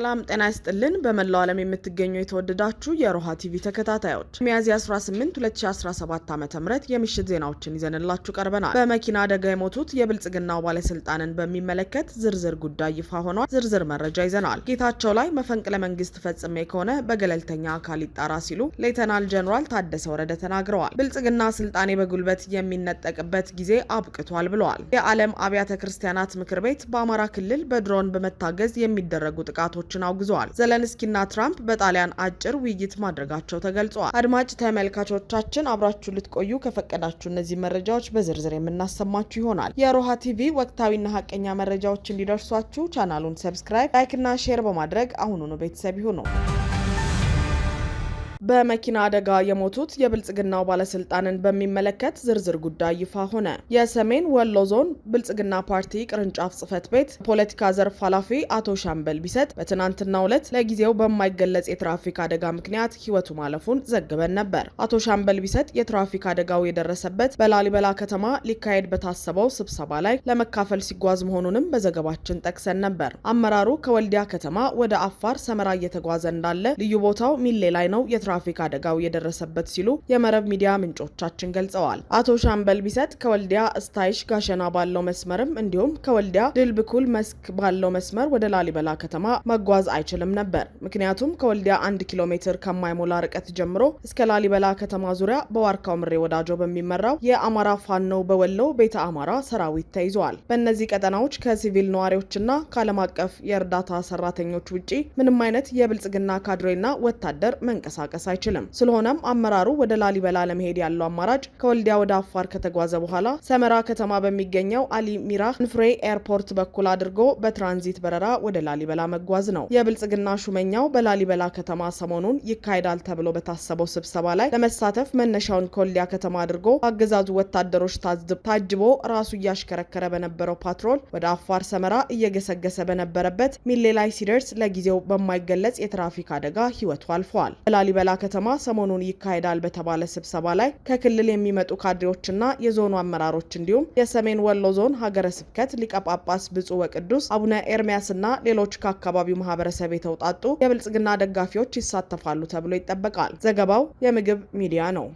ሰላም ጤና ይስጥልን። በመላው ዓለም የምትገኙ የተወደዳችሁ የሮሃ ቲቪ ተከታታዮች ሚያዝያ 18 2017 ዓ ም የምሽት ዜናዎችን ይዘንላችሁ ቀርበናል። በመኪና አደጋ የሞቱት የብልጽግናው ባለስልጣንን በሚመለከት ዝርዝር ጉዳይ ይፋ ሆኗል። ዝርዝር መረጃ ይዘናል። ጌታቸው ላይ መፈንቅለ መንግስት ፈጽሜ ከሆነ በገለልተኛ አካል ይጣራ ሲሉ ሌተናል ጀኔራል ታደሰ ወረደ ተናግረዋል። ብልጽግና ስልጣኔ በጉልበት የሚነጠቅበት ጊዜ አብቅቷል ብለዋል። የዓለም አብያተ ክርስቲያናት ምክር ቤት በአማራ ክልል በድሮን በመታገዝ የሚደረጉ ጥቃቶች ውሳኔዎችን አውግዘዋል። ዘለንስኪና ትራምፕ በጣሊያን አጭር ውይይት ማድረጋቸው ተገልጿል። አድማጭ ተመልካቾቻችን አብራችሁ ልትቆዩ ከፈቀዳችሁ እነዚህ መረጃዎች በዝርዝር የምናሰማችሁ ይሆናል። የሮሃ ቲቪ ወቅታዊና ሀቀኛ መረጃዎች እንዲደርሷችሁ ቻናሉን ሰብስክራይብ፣ ላይክና ሼር በማድረግ አሁኑኑ ቤተሰብ ይሁኑ። በመኪና አደጋ የሞቱት የብልጽግናው ባለስልጣንን በሚመለከት ዝርዝር ጉዳይ ይፋ ሆነ። የሰሜን ወሎ ዞን ብልጽግና ፓርቲ ቅርንጫፍ ጽህፈት ቤት ፖለቲካ ዘርፍ ኃላፊ አቶ ሻምበል ቢሰጥ በትናንትናው ዕለት ለጊዜው በማይገለጽ የትራፊክ አደጋ ምክንያት ህይወቱ ማለፉን ዘግበን ነበር። አቶ ሻምበል ቢሰጥ የትራፊክ አደጋው የደረሰበት በላሊበላ ከተማ ሊካሄድ በታሰበው ስብሰባ ላይ ለመካፈል ሲጓዝ መሆኑንም በዘገባችን ጠቅሰን ነበር። አመራሩ ከወልዲያ ከተማ ወደ አፋር ሰመራ እየተጓዘ እንዳለ ልዩ ቦታው ሚሌ ላይ ነው የትራፊክ አደጋው የደረሰበት ሲሉ የመረብ ሚዲያ ምንጮቻችን ገልጸዋል። አቶ ሻምበል ቢሰጥ ከወልዲያ እስታይሽ ጋሸና ባለው መስመርም እንዲሁም ከወልዲያ ድልብኩል መስክ ባለው መስመር ወደ ላሊበላ ከተማ መጓዝ አይችልም ነበር። ምክንያቱም ከወልዲያ አንድ ኪሎ ሜትር ከማይሞላ ርቀት ጀምሮ እስከ ላሊበላ ከተማ ዙሪያ በዋርካው ምሬ ወዳጆ በሚመራው የአማራ ፋኖ በወሎ ቤተ አማራ ሰራዊት ተይዘዋል። በእነዚህ ቀጠናዎች ከሲቪል ነዋሪዎችና ከዓለም አቀፍ የእርዳታ ሰራተኞች ውጪ ምንም አይነት የብልጽግና ካድሬና ወታደር መንቀሳቀስ መንቀሳቀስ አይችልም። ስለሆነም አመራሩ ወደ ላሊበላ ለመሄድ ያለው አማራጭ ከወልዲያ ወደ አፋር ከተጓዘ በኋላ ሰመራ ከተማ በሚገኘው አሊ ሚራ ንፍሬ ኤርፖርት በኩል አድርጎ በትራንዚት በረራ ወደ ላሊበላ መጓዝ ነው። የብልጽግና ሹመኛው በላሊበላ ከተማ ሰሞኑን ይካሄዳል ተብሎ በታሰበው ስብሰባ ላይ ለመሳተፍ መነሻውን ከወልዲያ ከተማ አድርጎ አገዛዙ ወታደሮች ታጅቦ ራሱ እያሽከረከረ በነበረው ፓትሮል ወደ አፋር ሰመራ እየገሰገሰ በነበረበት ሚሌ ላይ ሲደርስ ለጊዜው በማይገለጽ የትራፊክ አደጋ ህይወቱ አልፈዋል። በላሊበላ በላንጋላ ከተማ ሰሞኑን ይካሄዳል በተባለ ስብሰባ ላይ ከክልል የሚመጡ ካድሬዎችና የዞኑ አመራሮች እንዲሁም የሰሜን ወሎ ዞን ሀገረ ስብከት ሊቀ ጳጳስ ብፁዕ ወቅዱስ አቡነ ኤርሚያስና ሌሎች ከአካባቢው ማህበረሰብ የተውጣጡ የብልጽግና ደጋፊዎች ይሳተፋሉ ተብሎ ይጠበቃል። ዘገባው የምግብ ሚዲያ ነው።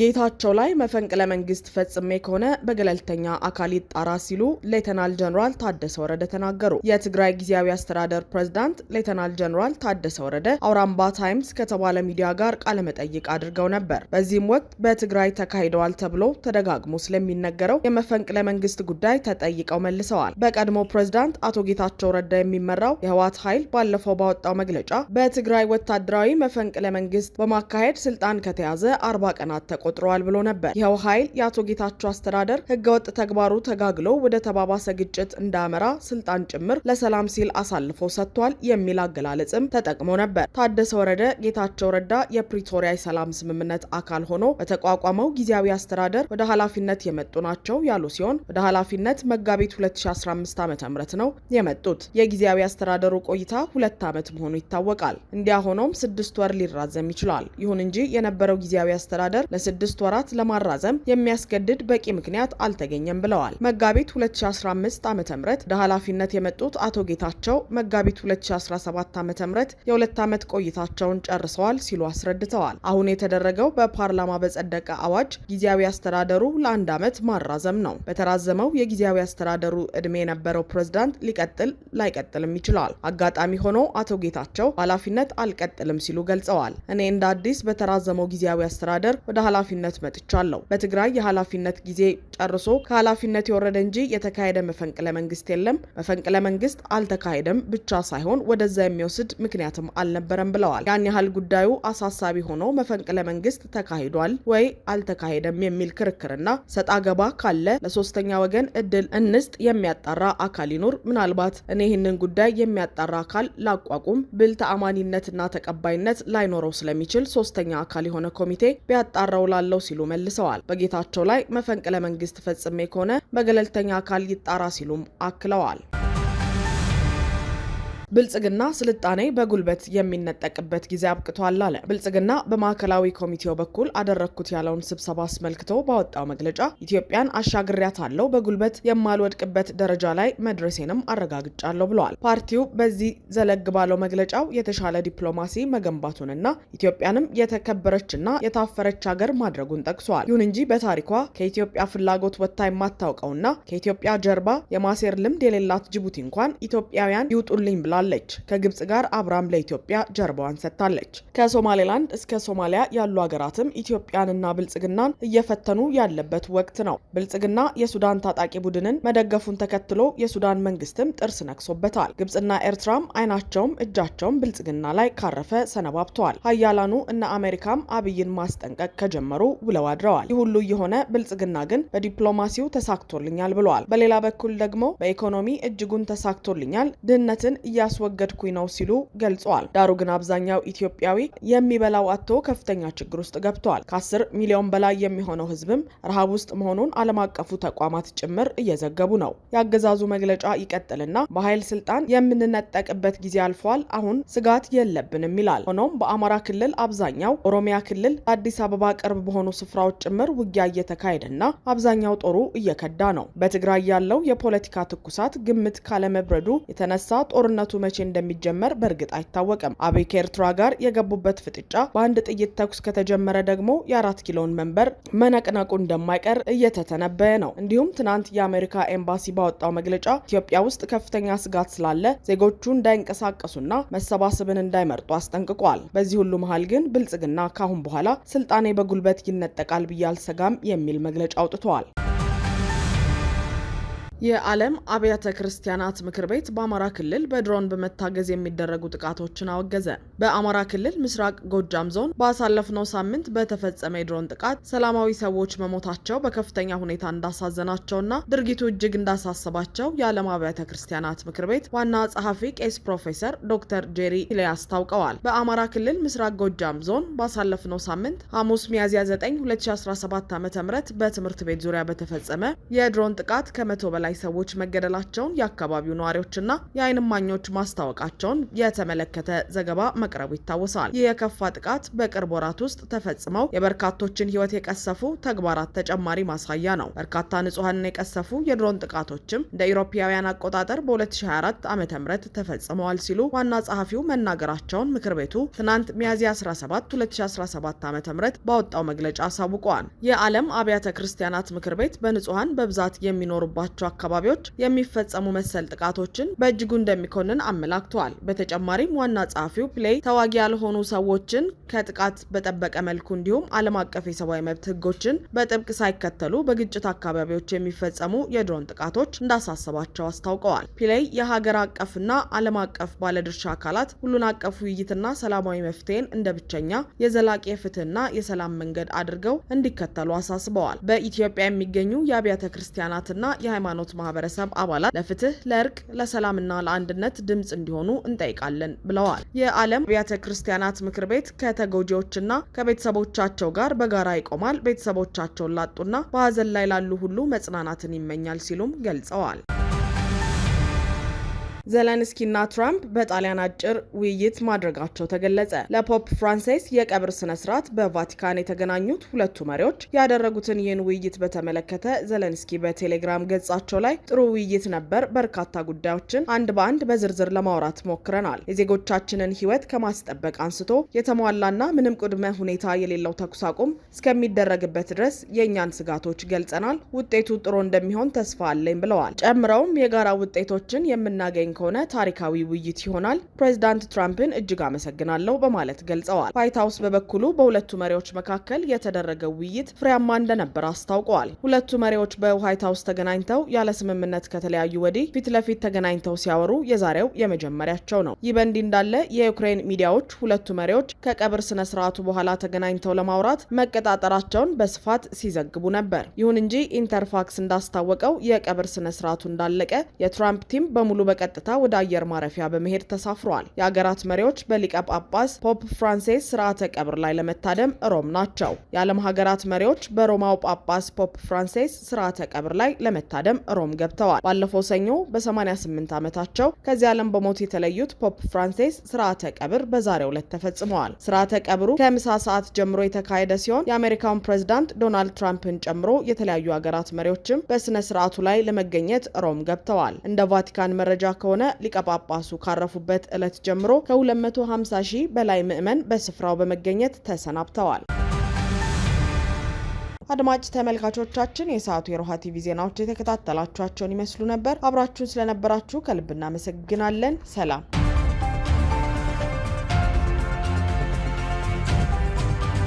ጌታቸው ላይ መፈንቅለ መንግስት ፈጽሜ ከሆነ በገለልተኛ አካል ይጣራ ሲሉ ሌተናል ጀኔራል ታደሰ ወረደ ተናገሩ። የትግራይ ጊዜያዊ አስተዳደር ፕሬዝዳንት ሌተናል ጀኔራል ታደሰ ወረደ አውራምባ ታይምስ ከተባለ ሚዲያ ጋር ቃለመጠይቅ አድርገው ነበር። በዚህም ወቅት በትግራይ ተካሂደዋል ተብሎ ተደጋግሞ ስለሚነገረው የመፈንቅለ መንግስት ጉዳይ ተጠይቀው መልሰዋል። በቀድሞ ፕሬዝዳንት አቶ ጌታቸው ረዳ የሚመራው የህወሓት ኃይል ባለፈው ባወጣው መግለጫ በትግራይ ወታደራዊ መፈንቅለ መንግስት በማካሄድ ስልጣን ከተያዘ አርባ ቀናት ተቆ ተቆጥረዋል ብሎ ነበር። ይኸው ኃይል የአቶ ጌታቸው አስተዳደር ህገወጥ ተግባሩ ተጋግሎ ወደ ተባባሰ ግጭት እንዳመራ ስልጣን ጭምር ለሰላም ሲል አሳልፎ ሰጥቷል የሚል አገላለጽም ተጠቅሞ ነበር። ታደሰ ወረደ ጌታቸው ረዳ የፕሪቶሪያ የሰላም ስምምነት አካል ሆኖ በተቋቋመው ጊዜያዊ አስተዳደር ወደ ኃላፊነት የመጡ ናቸው ያሉ ሲሆን ወደ ኃላፊነት መጋቢት 2015 ዓ ም ነው የመጡት። የጊዜያዊ አስተዳደሩ ቆይታ ሁለት ዓመት መሆኑ ይታወቃል። እንዲያ ሆኖም ስድስት ወር ሊራዘም ይችላል። ይሁን እንጂ የነበረው ጊዜያዊ አስተዳደር ስድስት ወራት ለማራዘም የሚያስገድድ በቂ ምክንያት አልተገኘም ብለዋል። መጋቢት 2015 ዓ ም ለኃላፊነት የመጡት አቶ ጌታቸው መጋቢት 2017 ዓ ም የሁለት ዓመት ቆይታቸውን ጨርሰዋል ሲሉ አስረድተዋል። አሁን የተደረገው በፓርላማ በጸደቀ አዋጅ ጊዜያዊ አስተዳደሩ ለአንድ ዓመት ማራዘም ነው። በተራዘመው የጊዜያዊ አስተዳደሩ ዕድሜ የነበረው ፕሬዝዳንት ሊቀጥል ላይቀጥልም ይችላል። አጋጣሚ ሆኖ አቶ ጌታቸው ኃላፊነት አልቀጥልም ሲሉ ገልጸዋል። እኔ እንደ አዲስ በተራዘመው ጊዜያዊ አስተዳደር ወደ በኃላፊነት መጥቻለሁ። በትግራይ የኃላፊነት ጊዜ ጨርሶ ከኃላፊነት የወረደ እንጂ የተካሄደ መፈንቅለ መንግስት የለም። መፈንቅለ መንግስት አልተካሄደም ብቻ ሳይሆን ወደዛ የሚወስድ ምክንያትም አልነበረም ብለዋል። ያን ያህል ጉዳዩ አሳሳቢ ሆኖ መፈንቅለ መንግስት ተካሂዷል ወይ አልተካሄደም የሚል ክርክርና ሰጣ ገባ ካለ ለሶስተኛ ወገን እድል እንስጥ፣ የሚያጣራ አካል ይኑር። ምናልባት እኔ ይህንን ጉዳይ የሚያጣራ አካል ላቋቁም ብል ተአማኒነትና ተቀባይነት ላይኖረው ስለሚችል ሶስተኛ አካል የሆነ ኮሚቴ ቢያጣራው ላለው ሲሉ መልሰዋል። በጌታቸው ላይ መፈንቅለ መንግስት ፈጽሜ ከሆነ በገለልተኛ አካል ይጣራ ሲሉም አክለዋል። ብልጽግና ስልጣኔ በጉልበት የሚነጠቅበት ጊዜ አብቅቷል አለ። ብልጽግና በማዕከላዊ ኮሚቴው በኩል አደረግኩት ያለውን ስብሰባ አስመልክቶ ባወጣው መግለጫ ኢትዮጵያን አሻግሬያታለሁ፣ በጉልበት የማልወድቅበት ደረጃ ላይ መድረሴንም አረጋግጫለሁ ብለዋል። ፓርቲው በዚህ ዘለግ ባለው መግለጫው የተሻለ ዲፕሎማሲ መገንባቱንና ኢትዮጵያንም የተከበረችና የታፈረች ሀገር ማድረጉን ጠቅሷል። ይሁን እንጂ በታሪኳ ከኢትዮጵያ ፍላጎት ወጥታ የማታውቀውና ከኢትዮጵያ ጀርባ የማሴር ልምድ የሌላት ጅቡቲ እንኳን ኢትዮጵያውያን ይውጡልኝ ብላል ሆናለች። ከግብጽ ጋር አብራም ለኢትዮጵያ ጀርባዋን ሰጥታለች። ከሶማሌላንድ እስከ ሶማሊያ ያሉ ሀገራትም ኢትዮጵያንና ብልጽግናን እየፈተኑ ያለበት ወቅት ነው። ብልጽግና የሱዳን ታጣቂ ቡድንን መደገፉን ተከትሎ የሱዳን መንግስትም ጥርስ ነክሶበታል። ግብጽና ኤርትራም አይናቸውም እጃቸውም ብልጽግና ላይ ካረፈ ሰነባብተዋል። ሀያላኑ እነ አሜሪካም አብይን ማስጠንቀቅ ከጀመሩ ውለው አድረዋል። ይህ ሁሉ የሆነ ብልጽግና ግን በዲፕሎማሲው ተሳክቶልኛል ብለዋል። በሌላ በኩል ደግሞ በኢኮኖሚ እጅጉን ተሳክቶልኛል፣ ድህነትን እያ እያስወገድኩኝ ነው ሲሉ ገልጸዋል። ዳሩ ግን አብዛኛው ኢትዮጵያዊ የሚበላው አቶ ከፍተኛ ችግር ውስጥ ገብተዋል። ከአስር ሚሊዮን በላይ የሚሆነው ህዝብም ረሃብ ውስጥ መሆኑን ዓለም አቀፉ ተቋማት ጭምር እየዘገቡ ነው። የአገዛዙ መግለጫ ይቀጥልና በኃይል ስልጣን የምንነጠቅበት ጊዜ አልፏል፣ አሁን ስጋት የለብንም ይላል። ሆኖም በአማራ ክልል አብዛኛው፣ ኦሮሚያ ክልል አዲስ አበባ ቅርብ በሆኑ ስፍራዎች ጭምር ውጊያ እየተካሄደና አብዛኛው ጦሩ እየከዳ ነው። በትግራይ ያለው የፖለቲካ ትኩሳት ግምት ካለመብረዱ የተነሳ ጦርነቱ መቼ እንደሚጀመር በእርግጥ አይታወቅም። አብይ ከኤርትራ ጋር የገቡበት ፍጥጫ በአንድ ጥይት ተኩስ ከተጀመረ ደግሞ የአራት ኪሎን መንበር መነቅነቁ እንደማይቀር እየተተነበየ ነው። እንዲሁም ትናንት የአሜሪካ ኤምባሲ ባወጣው መግለጫ ኢትዮጵያ ውስጥ ከፍተኛ ስጋት ስላለ ዜጎቹ እንዳይንቀሳቀሱና መሰባሰብን እንዳይመርጡ አስጠንቅቋል። በዚህ ሁሉ መሀል ግን ብልጽግና ከአሁን በኋላ ስልጣኔ በጉልበት ይነጠቃል ብዬ አልሰጋም የሚል መግለጫ አውጥተዋል። የዓለም አብያተ ክርስቲያናት ምክር ቤት በአማራ ክልል በድሮን በመታገዝ የሚደረጉ ጥቃቶችን አወገዘ። በአማራ ክልል ምስራቅ ጎጃም ዞን ባሳለፍነው ሳምንት በተፈጸመ የድሮን ጥቃት ሰላማዊ ሰዎች መሞታቸው በከፍተኛ ሁኔታ እንዳሳዘናቸውና ድርጊቱ እጅግ እንዳሳሰባቸው የዓለም አብያተ ክርስቲያናት ምክር ቤት ዋና ጸሐፊ ቄስ ፕሮፌሰር ዶክተር ጄሪ ሂሌ አስታውቀዋል። በአማራ ክልል ምስራቅ ጎጃም ዞን ባሳለፍነው ሳምንት ሐሙስ ሚያዝያ 9 2017 ዓ ም በትምህርት ቤት ዙሪያ በተፈጸመ የድሮን ጥቃት ከመቶ በላይ በላይ ሰዎች መገደላቸውን የአካባቢው ነዋሪዎችና የዓይን እማኞች ማስታወቃቸውን የተመለከተ ዘገባ መቅረቡ ይታወሳል። ይህ የከፋ ጥቃት በቅርብ ወራት ውስጥ ተፈጽመው የበርካቶችን ሕይወት የቀሰፉ ተግባራት ተጨማሪ ማሳያ ነው። በርካታ ንጹሐንን የቀሰፉ የድሮን ጥቃቶችም እንደ ኢሮፓውያን አቆጣጠር በ2024 ዓ ም ተፈጽመዋል ሲሉ ዋና ጸሐፊው መናገራቸውን ምክር ቤቱ ትናንት ሚያዝያ 17 2017 ዓ ም ባወጣው መግለጫ አሳውቀዋል። የዓለም አብያተ ክርስቲያናት ምክር ቤት በንጹሐን በብዛት የሚኖሩባቸው አካባቢዎች የሚፈጸሙ መሰል ጥቃቶችን በእጅጉ እንደሚኮንን አመላክተዋል። በተጨማሪም ዋና ጸሐፊው ፕሌይ ተዋጊ ያልሆኑ ሰዎችን ከጥቃት በጠበቀ መልኩ እንዲሁም ዓለም አቀፍ የሰብአዊ መብት ህጎችን በጥብቅ ሳይከተሉ በግጭት አካባቢዎች የሚፈጸሙ የድሮን ጥቃቶች እንዳሳሰባቸው አስታውቀዋል። ፕሌይ የሀገር አቀፍና ዓለም አቀፍ ባለድርሻ አካላት ሁሉን አቀፍ ውይይትና ሰላማዊ መፍትሄን እንደ ብቸኛ የዘላቂ የፍትህና የሰላም መንገድ አድርገው እንዲከተሉ አሳስበዋል። በኢትዮጵያ የሚገኙ የአብያተ ክርስቲያናትና የሃይማኖት የሃይማኖት ማህበረሰብ አባላት ለፍትህ፣ ለእርቅ፣ ለሰላምና ለአንድነት ድምፅ እንዲሆኑ እንጠይቃለን ብለዋል። የዓለም አብያተ ክርስቲያናት ምክር ቤት ከተጎጂዎችና ከቤተሰቦቻቸው ጋር በጋራ ይቆማል፣ ቤተሰቦቻቸውን ላጡና በሀዘን ላይ ላሉ ሁሉ መጽናናትን ይመኛል ሲሉም ገልጸዋል። ዘለንስኪና ትራምፕ በጣሊያን አጭር ውይይት ማድረጋቸው ተገለጸ። ለፖፕ ፍራንሲስ የቀብር ስነ ስርዓት በቫቲካን የተገናኙት ሁለቱ መሪዎች ያደረጉትን ይህን ውይይት በተመለከተ ዘለንስኪ በቴሌግራም ገጻቸው ላይ ጥሩ ውይይት ነበር፣ በርካታ ጉዳዮችን አንድ በአንድ በዝርዝር ለማውራት ሞክረናል። የዜጎቻችንን ሕይወት ከማስጠበቅ አንስቶ የተሟላና ምንም ቅድመ ሁኔታ የሌለው ተኩስ አቁም እስከሚደረግበት ድረስ የእኛን ስጋቶች ገልጸናል። ውጤቱ ጥሩ እንደሚሆን ተስፋ አለኝ ብለዋል። ጨምረውም የጋራ ውጤቶችን የምናገኝ ከሆነ ታሪካዊ ውይይት ይሆናል። ፕሬዚዳንት ትራምፕን እጅግ አመሰግናለሁ በማለት ገልጸዋል። ዋይት ሀውስ በበኩሉ በሁለቱ መሪዎች መካከል የተደረገው ውይይት ፍሬያማ እንደነበር አስታውቀዋል። ሁለቱ መሪዎች በዋይት ሀውስ ተገናኝተው ያለ ስምምነት ከተለያዩ ወዲህ ፊት ለፊት ተገናኝተው ሲያወሩ የዛሬው የመጀመሪያቸው ነው። ይህ በእንዲህ እንዳለ የዩክሬን ሚዲያዎች ሁለቱ መሪዎች ከቀብር ስነ ስርዓቱ በኋላ ተገናኝተው ለማውራት መቀጣጠራቸውን በስፋት ሲዘግቡ ነበር። ይሁን እንጂ ኢንተርፋክስ እንዳስታወቀው የቀብር ስነ ስርዓቱ እንዳለቀ የትራምፕ ቲም በሙሉ በቀጥታ በርካታ ወደ አየር ማረፊያ በመሄድ ተሳፍሯል። የአገራት መሪዎች በሊቀ ጳጳስ ፖፕ ፍራንሲስ ስርዓተ ቀብር ላይ ለመታደም ሮም ናቸው። የዓለም ሀገራት መሪዎች በሮማው ጳጳስ ፖፕ ፍራንሲስ ስርዓተ ቀብር ላይ ለመታደም ሮም ገብተዋል። ባለፈው ሰኞ በ88 ዓመታቸው ከዚህ ዓለም በሞት የተለዩት ፖፕ ፍራንሲስ ስርዓተ ቀብር በዛሬው ዕለት ተፈጽመዋል። ስርዓተ ቀብሩ ከምሳ ሰዓት ጀምሮ የተካሄደ ሲሆን የአሜሪካውን ፕሬዚዳንት ዶናልድ ትራምፕን ጨምሮ የተለያዩ ሀገራት መሪዎችም በስነ ስርዓቱ ላይ ለመገኘት ሮም ገብተዋል። እንደ ቫቲካን መረጃ ከ ከሆነ ሊቀጳጳሱ ካረፉበት ዕለት ጀምሮ ከ250 ሺህ በላይ ምዕመን በስፍራው በመገኘት ተሰናብተዋል። አድማጭ ተመልካቾቻችን የሰዓቱ የሮሃ ቲቪ ዜናዎች የተከታተላችኋቸውን ይመስሉ ነበር። አብራችሁን ስለነበራችሁ ከልብ እናመሰግናለን። ሰላም